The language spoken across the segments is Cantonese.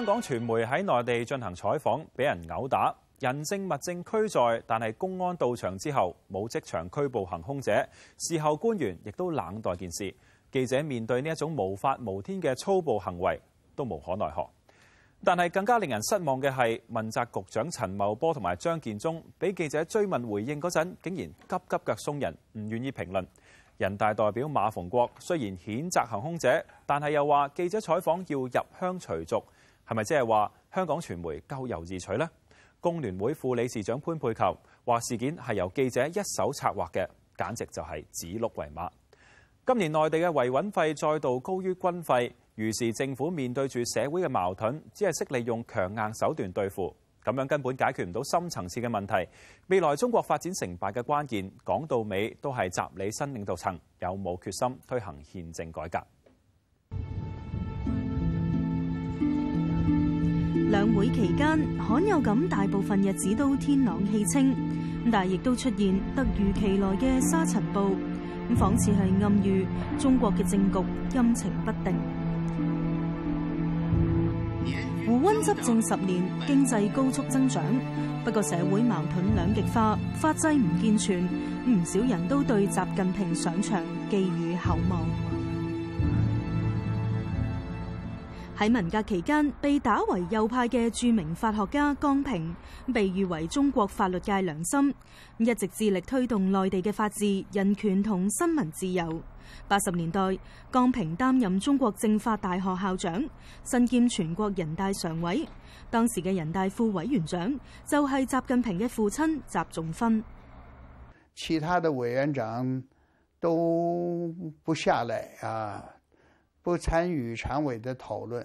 香港傳媒喺內地進行採訪，俾人毆打，人證物證俱在，但係公安到場之後冇即場拘捕行凶者。事後官員亦都冷待件事。記者面對呢一種無法無天嘅粗暴行為都無可奈何。但係更加令人失望嘅係，問責局長陳茂波同埋張建宗俾記者追問回應嗰陣，竟然急急腳鬆人，唔願意評論。人大代表馬逢國雖然譴責行凶者，但係又話記者採訪要入鄉隨俗。係咪即係話香港傳媒咎由自取呢？工聯會副理事長潘佩璆話事件係由記者一手策劃嘅，簡直就係指鹿為馬。今年內地嘅維穩費再度高於軍費，於是政府面對住社會嘅矛盾，只係識利用強硬手段對付，咁樣根本解決唔到深層次嘅問題。未來中國發展成敗嘅關鍵，講到尾都係習李新領導層有冇決心推行憲政改革。兩會期間罕有咁大部分日子都天朗氣清，但亦都出現突如其來嘅沙塵暴，咁仿似係暗喻中國嘅政局陰晴不定。胡温執政十年，經濟高速增長，不過社會矛盾兩極化，法制唔健全，唔少人都對習近平上場寄予厚望。喺文革期間被打為右派嘅著名法學家江平，被譽為中國法律界良心，一直致力推動內地嘅法治、人權同新聞自由。八十年代，江平擔任中國政法大學校長，身兼全國人大常委，當時嘅人大副委員長就係習近平嘅父親習仲勳。其他的委員長都不下來啊，不參與常委的討論。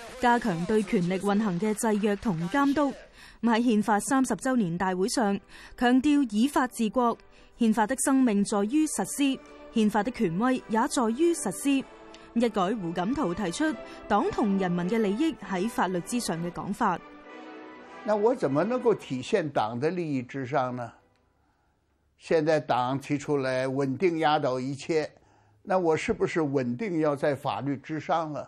加強對權力運行嘅制約同監督。喺憲法三十周年大會上，強調依法治國，憲法的生命在於實施，憲法的權威也在於實施。一改胡錦濤提出黨同人民嘅利益喺法律之上嘅講法。那我怎麼能夠體現黨的利益之上呢？現在黨提出來穩定壓倒一切，那我是不是穩定要在法律之上了？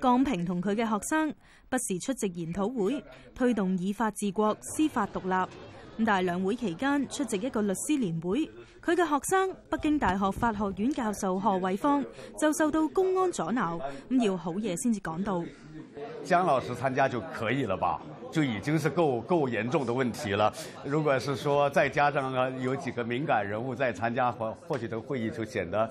江平同佢嘅學生不時出席研討會，推動以法治國、司法獨立。咁但係兩會期間出席一個律師年會，佢嘅學生北京大學法學院教授賀衛方，就受到公安阻撓。咁要好夜先至趕到。江老師參加就可以了吧？就已經是夠夠嚴重的問題了。如果是說再加上有幾個敏感人物再參加或或許這個會議，就顯得。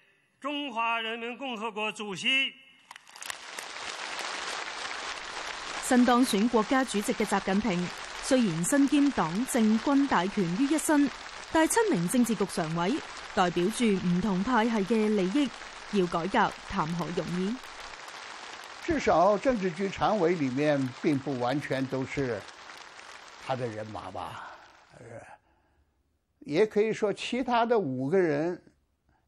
中華人民共和國主席。新當選國家主席嘅習近平，雖然身兼黨政軍大權於一身，但七名政治局常委代表住唔同派系嘅利益，要改革談何容易？至少政治局常委裏面，並不完全都是他的人馬吧，也可以說其他的五個人。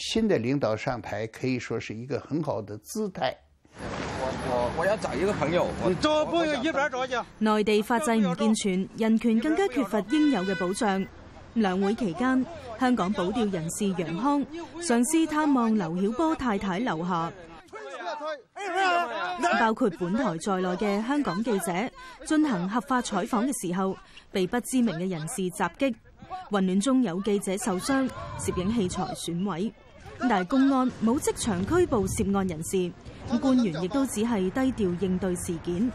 新的領導上台，可以說是一個很好的姿態。我我我要找一個朋友。內地法制唔健全，人權更加缺乏應有嘅保障。兩會期間，香港保釣人士楊康嘗試探望劉曉波太太劉霞，包括本台在內嘅香港記者進行合法採訪嘅時候，被不知名嘅人士襲擊，混亂中有記者受傷，攝影器材損毀。但係公安冇即場拘捕涉案人士，官員亦都只係低調應對事件。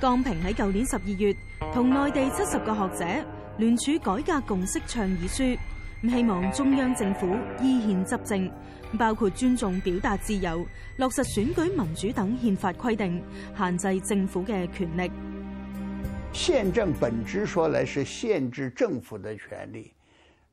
江平喺舊年十二月同內地七十個學者聯署改革共識倡議書，希望中央政府依憲執政，包括尊重表達自由、落實選舉民主等憲法規定，限制政府嘅權力。憲政本質說來是限制政府嘅權力。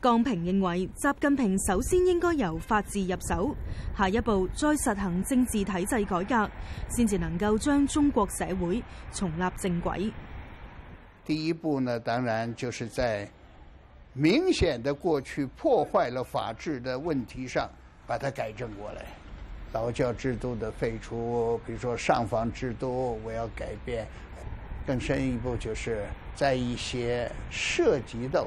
江平認為，習近平首先應該由法治入手，下一步再實行政治體制改革，先至能夠將中國社會重立正軌。第一步呢，當然就是在明顯的過去破壞了法治的問題上，把它改正過來。勞教制度的廢除，比如說上訪制度，我要改變。更深一步，就是在一些涉及到。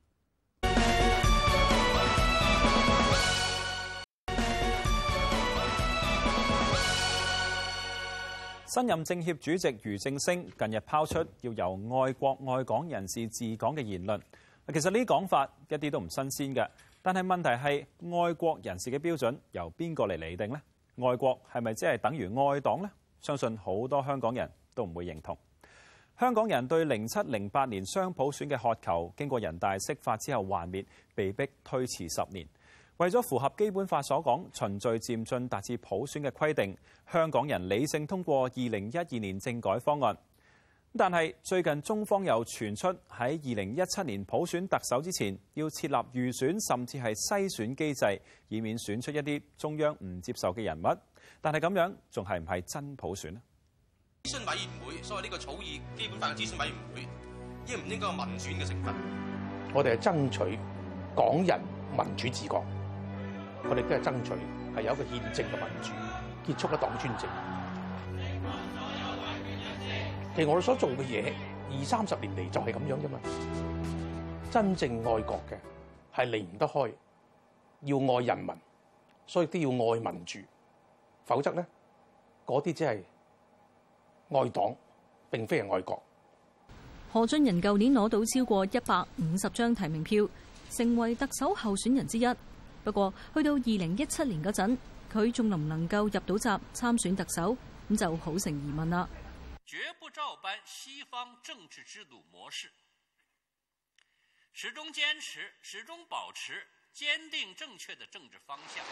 新任政協主席俞正聲近日拋出要由愛國愛港人士治港嘅言論，其實呢啲講法一啲都唔新鮮嘅，但係問題係愛國人士嘅標準由邊個嚟擬定咧？愛國係咪即係等於愛黨咧？相信好多香港人都唔會認同。香港人對零七零八年雙普選嘅渴求，經過人大釋法之後幻滅，被迫推遲十年。為咗符合基本法所講循序漸進達至普選嘅規定，香港人理性通過二零一二年政改方案。但係最近中方又傳出喺二零一七年普選特首之前，要設立預選甚至係篩選機制，以免選出一啲中央唔接受嘅人物。但係咁樣仲係唔係真普選咧？諮詢委員會，所謂呢個草擬基本法嘅諮詢委員會應唔應該民選嘅成分？我哋係爭取港人民主自覺。佢哋都係爭取係有一個憲政嘅民主，結束咗黨專政。其實我哋所做嘅嘢二三十年嚟就係咁樣啫嘛。真正愛國嘅係離唔得開要愛人民，所以都要愛民主。否則咧，嗰啲即係愛黨，並非係愛國。何俊仁舊年攞到超過一百五十張提名票，成為特首候選人之一。不過，去到二零一七年嗰陣，佢仲能唔能夠入到閘參選特首，咁就好成疑問啦。絕不照搬西方政治制度模式，始終堅持、始終保持、堅定正確的政治方向。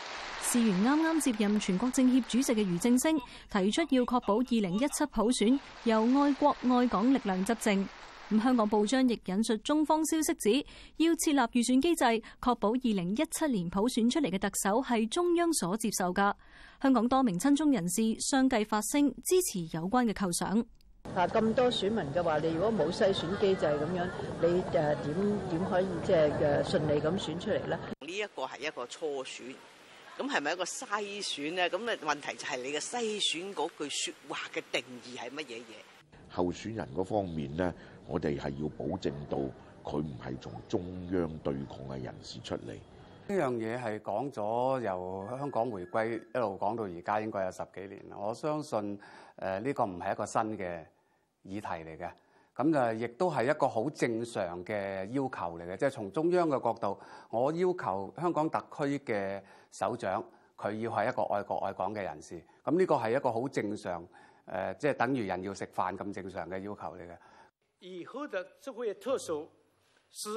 事源啱啱接任全國政協主席嘅俞正聲提出，要確保二零一七普選由愛國愛港力量執政。咁香港報章亦引述中方消息指，要設立預選機制，確保二零一七年普選出嚟嘅特首係中央所接受噶。香港多名親中人士相繼發聲支持有關嘅構想。啊，咁多選民嘅話，你如果冇篩選機制咁樣，你誒點點可以即係誒順利咁選出嚟咧？呢一個係一個初選，咁係咪一個篩選咧？咁誒問題就係你嘅篩選嗰句說話嘅定義係乜嘢嘢？候選人嗰方面咧，我哋係要保證到佢唔係從中央對抗嘅人士出嚟。呢樣嘢係講咗由香港回歸一路講到而家，應該有十幾年啦。我相信誒呢個唔係一個新嘅議題嚟嘅，咁誒亦都係一個好正常嘅要求嚟嘅，即係從中央嘅角度，我要求香港特區嘅首長，佢要係一個愛國愛港嘅人士。咁呢個係一個好正常。誒、呃、即係等於人要食飯咁正常嘅要求嚟嘅。以後的社會特首是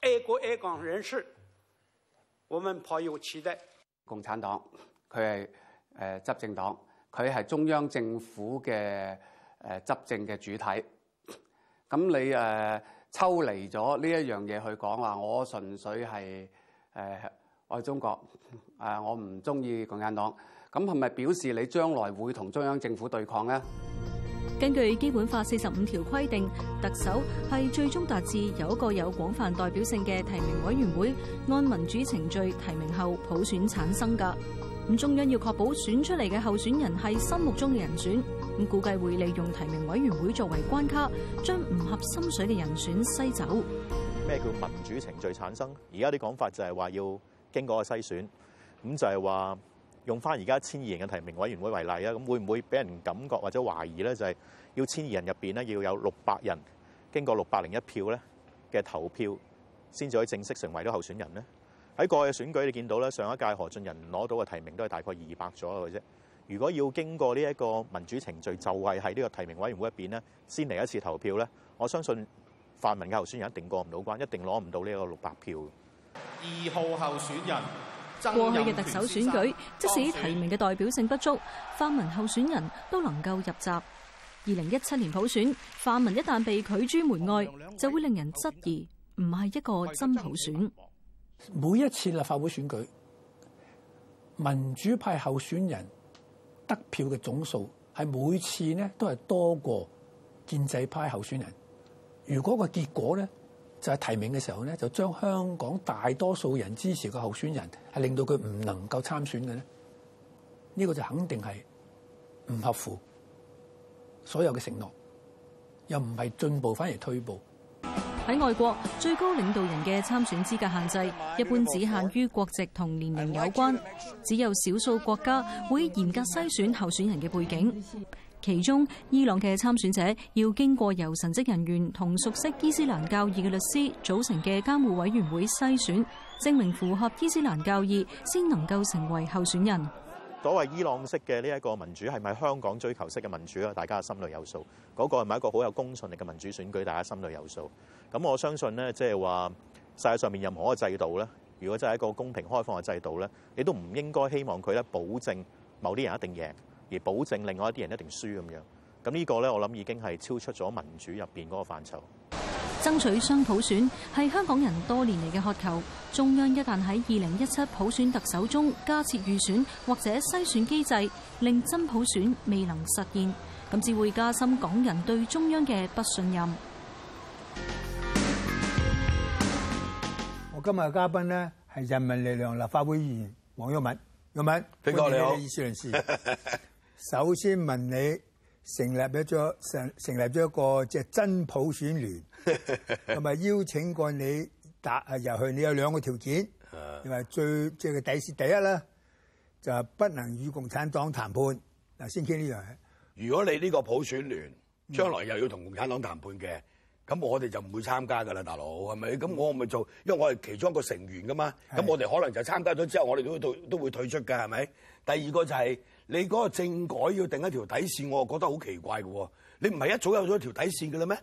愛國愛港人士，我們抱有期待。共產黨佢係誒執政黨，佢係中央政府嘅誒、呃、執政嘅主體。咁你誒、呃、抽離咗呢一樣嘢去講話、呃，我純粹係誒愛中國，誒、呃、我唔中意共產黨。咁係咪表示你將來會同中央政府對抗呢？根據《基本法》四十五條規定，特首係最終達至有一個有廣泛代表性嘅提名委員會，按民主程序提名後普選產生㗎。咁中央要確保選出嚟嘅候選人係心目中嘅人選，咁估計會利用提名委員會作為關卡，將唔合心水嘅人選篩走。咩叫民主程序產生？而家啲講法就係話要經過個篩選，咁就係話。用翻而家千二人嘅提名委員會為例啦，咁會唔會俾人感覺或者懷疑呢？就係要千二人入邊咧，要有六百人經過六百零一票咧嘅投票，先至可以正式成為咗候選人呢？喺過去嘅選舉你見到啦，上一屆何俊仁攞到嘅提名都係大概二百左右嘅啫。如果要經過呢一個民主程序就位喺呢個提名委員會入邊咧，先嚟一次投票呢。我相信泛民嘅候選人一定過唔到關，一定攞唔到呢個六百票的。二號候選人。過去嘅特首選舉，即使提名嘅代表性不足，泛民候選人都能夠入閘。二零一七年普選，泛民一旦被拒諸門外，就會令人質疑，唔係一個真普選。每一次立法會選舉，民主派候選人得票嘅總數係每次呢都係多過建制派候選人。如果個結果呢？就係、是、提名嘅時候呢，就將香港大多數人支持嘅候選人，係令到佢唔能夠參選嘅咧，呢、這個就肯定係唔合乎所有嘅承諾，又唔係進步，反而退步。喺外國，最高領導人嘅參選資格限制一般只限於國籍同年齡有關，只有少數國家會嚴格篩選候選人嘅背景。其中，伊朗嘅參選者要經過由神職人員同熟悉伊斯蘭教義嘅律師組成嘅監護委員會篩選，證明符合伊斯蘭教義先能夠成為候選人。所謂伊朗式嘅呢一個民主，係咪香港追求式嘅民主啊？大家心裏有數。嗰個係咪一個好有公信力嘅民主選舉？大家心裏有數，咁我相信咧，即係話世界上面任何一個制度咧，如果真係一個公平開放嘅制度咧，你都唔應該希望佢咧保證某啲人一定贏而保證另外一啲人一定輸咁樣，咁呢個咧，我諗已經係超出咗民主入邊嗰個範疇。爭取雙普選係香港人多年嚟嘅渴求，中央一旦喺二零一七普選特首中加設預選或者篩選機制，令真普選未能實現，咁至會加深港人對中央嘅不信任。我今日嘅嘉賓呢，係人民力量立法會議員黃毓民，毓民，你好。你嘅意思人士。 首先問你成立咗成成立咗一個即係真普選聯，同 埋邀請過你打入去。你有兩個條件，同 埋最即係個底線第一咧，就係不能與共產黨談判。嗱，先傾呢樣嘢。如果你呢個普選聯將來又要同共產黨談判嘅，咁、嗯、我哋就唔會參加㗎啦，大佬係咪？咁我唔去做，因為我係其中一個成員㗎嘛。咁我哋可能就參加咗之後，我哋都退都會退出㗎，係咪？第二個就係、是。你嗰個政改要定一條底線，我覺得好奇怪嘅喎。你唔係一早有咗條底線嘅啦咩？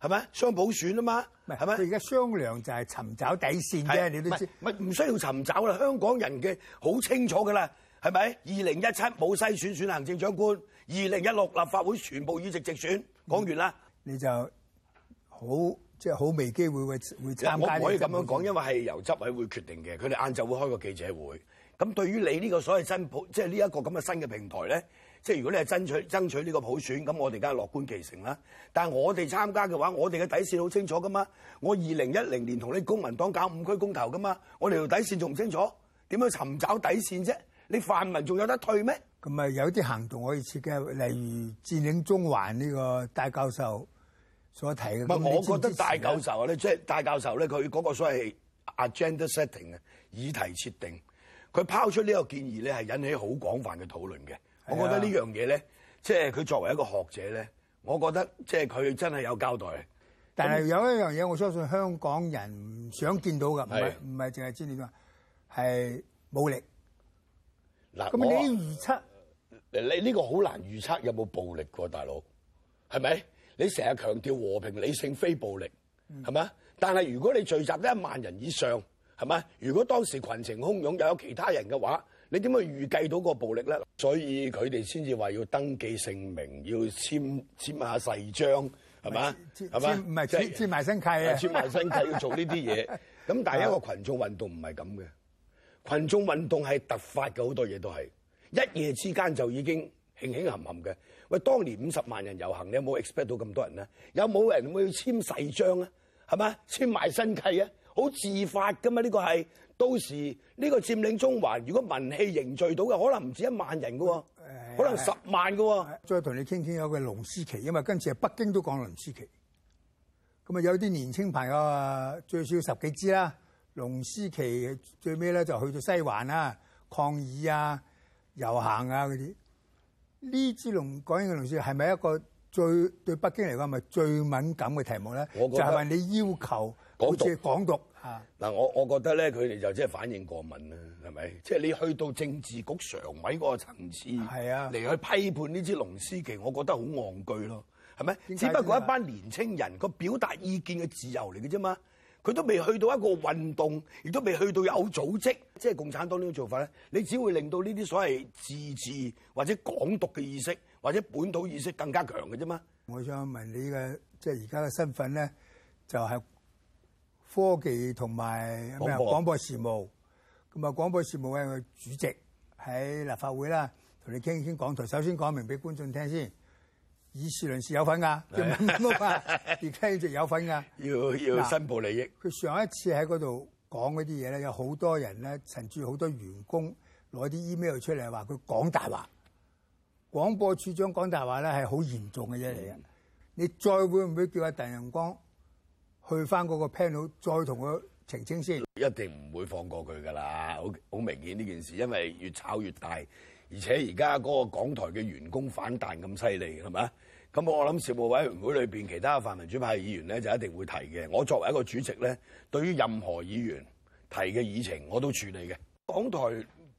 係咪雙普選啊嘛？係咪？你而家商量就係尋找底線啫 f cool、啊，你都知道係。唔需要尋找啦，香港人嘅好清楚嘅啦，係咪？二零一七冇篩選選行政長官，二零一六立法會全部議席直選，講完啦。你就好即係好未機會會會參加嘅。我唔可以咁樣講，因為係由執委會決定嘅，佢哋晏晝會開個記者會。咁對於你呢個所謂真普個新普，即係呢一個咁嘅新嘅平台咧，即係如果你係爭取爭取呢個普選，咁我哋梗係樂觀其成啦。但係我哋參加嘅話，我哋嘅底線好清楚噶嘛。我二零一零年同你公民黨搞五區公投噶嘛，我哋條底線仲唔清楚？點樣尋找底線啫？你泛民仲有得退咩？咁啊，有啲行動可以設計，例如佔領中環呢個戴教授所提嘅。唔係，我覺得戴教授咧，即係戴教授咧，佢、就、嗰、是、個所謂 agenda setting 啊，議題設定。佢拋出呢個建議咧，係引起好廣泛嘅討論嘅、啊。我覺得呢樣嘢咧，即係佢作為一個學者咧，我覺得即係佢真係有交代。但係有一樣嘢，我相信香港人唔想見到嘅，唔係唔係淨係知點啊，係武力。嗱、啊，我預測你呢個好難預測有冇暴力嘅，大佬係咪？你成日強調和平理性非暴力，係咪啊？但係如果你聚集一萬人以上，係咪？如果當時群情洶湧又有其他人嘅話，你點會預計到個暴力咧？所以佢哋先至話要登記姓名，要簽簽下誓章，係咪啊？簽唔係簽埋身、就係、契啊簽身契？簽埋身契要做呢啲嘢。咁 但係一個群眾運動唔係咁嘅，群眾運動係突發嘅，好多嘢都係一夜之間就已經興興冚冚嘅。喂，當年五十萬人遊行，你有冇 expect 到咁多人咧？有冇人會簽誓章啊？係咪啊？簽埋身契啊？好自發噶嘛？呢、這個係到時呢、這個佔領中環，如果民氣凝聚到嘅，可能唔止一萬人嘅、哎，可能十萬嘅、哎。再同你傾傾有個龍獅旗，因為今次啊北京都講龍獅旗。咁啊有啲年青朋友啊最少十幾支啦，龍獅旗最尾咧就去到西環啊，抗議啊遊行啊嗰啲。呢支龍講緊嘅龍獅旗係咪一個最對北京嚟講係咪最敏感嘅題目咧？就係話你要求好似港獨。嗱、啊，我我覺得咧，佢哋就即係反應過敏啦，係咪？即、就、係、是、你去到政治局常委個層次，係啊，嚟去批判呢支龍獅旗，我覺得好戇居咯，係咪？只不過一班年青人個、啊、表達意見嘅自由嚟嘅啫嘛，佢都未去到一個運動，亦都未去到有組織，即、就、係、是、共產黨呢種做法咧，你只會令到呢啲所謂自治或者港獨嘅意識或者本土意識更加強嘅啫嘛。我想問你嘅即係而家嘅身份咧，就係、是。就是科技同埋廣播事務，咁啊廣播事務咧，佢主席喺立法會啦，同你傾傾講台。首先講明俾觀眾聽先，以事論事有份㗎、啊，而家一直有份㗎、啊，要要申報利益。佢上一次喺嗰度講嗰啲嘢咧，有好多人咧，甚至好多員工攞啲 email 出嚟話，佢講大話，廣播處長講大話咧係好嚴重嘅啫嚟嘅。你再會唔會叫阿鄧忍光去翻嗰個 panel 再同佢澄清先，一定唔會放過佢噶啦。好好明顯呢件事，因為越炒越大，而且而家嗰個港台嘅員工反彈咁犀利，係咪啊？咁我諗，事務委員會裏邊其他泛民主派議員咧就一定會提嘅。我作為一個主席咧，對於任何議員提嘅議程，我都處理嘅。港台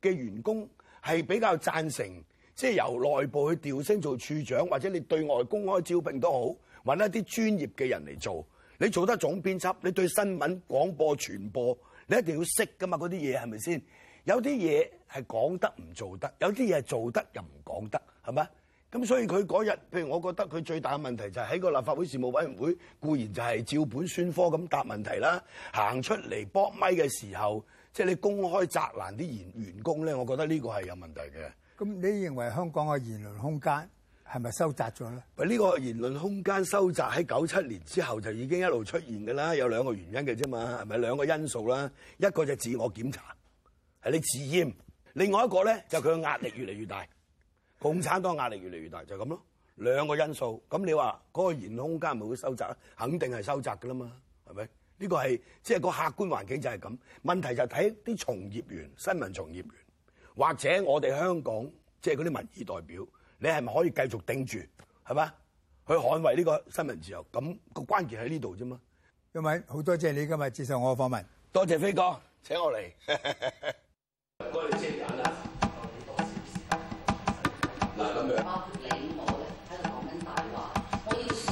嘅員工係比較贊成，即係由內部去調升做處長，或者你對外公開招聘都好，揾一啲專業嘅人嚟做。你做得總編輯，你對新聞廣播傳播，你一定要識噶嘛？嗰啲嘢係咪先？有啲嘢係講得唔做得，有啲嘢做得又唔講得，係咪啊？咁所以佢嗰日，譬如我覺得佢最大嘅問題就係喺個立法會事務委員會固然就係照本宣科咁答問題啦，行出嚟幫咪嘅時候，即係你公開責難啲員員工咧，我覺得呢個係有問題嘅。咁你認為香港嘅言論空間，係咪收窄咗咧？呢個言論空間收窄喺九七年之後就已經一路出現嘅啦。有兩個原因嘅啫嘛，係咪兩個因素啦？一個就自我檢查，係你自厭；另外一個咧就佢嘅壓力越嚟越大，共產黨壓力越嚟越大，就咁咯。兩個因素，咁你話嗰個言論空間係咪會收窄啊？肯定係收窄噶啦嘛，係咪？呢個係即係個客觀環境就係咁。問題就係睇啲從業員、新聞從業員，或者我哋香港即係嗰啲民意代表。你係咪可以繼續頂住？係嘛？去捍衛呢個新聞自由，咁個關鍵喺呢度啫嘛。因為好多謝你今日接受我嘅訪問，多謝飛哥，請我嚟。遮嗱你喺度講緊大話，我要數